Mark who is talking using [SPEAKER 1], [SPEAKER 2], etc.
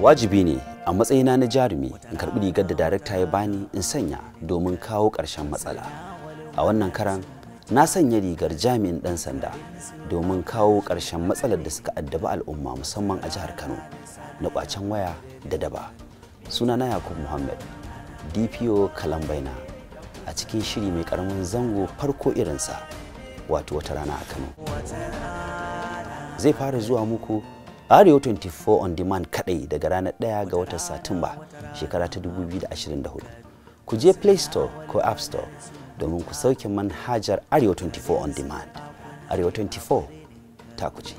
[SPEAKER 1] wajibi ne a matsayina na jarumi in karbi rigar da darakta ya bani in sanya domin kawo ƙarshen matsala a wannan karan na sanya rigar jami'in ɗan sanda domin kawo ƙarshen matsalar da suka addaba al'umma musamman a jihar kano na ƙwacen waya da daba suna na yakub muhammad dpo kalambaina a cikin shiri mai ƙaramin zango farko irinsa wato wata rana a kano zai fara zuwa muku Radio 24 on demand kadai daga ranar 1 ga watan Satumba shekara ta 2024. Ku je Play Store ko App Store domin ku sauke manhajar Arewa 24 on demand. Radio 24 ta kuje.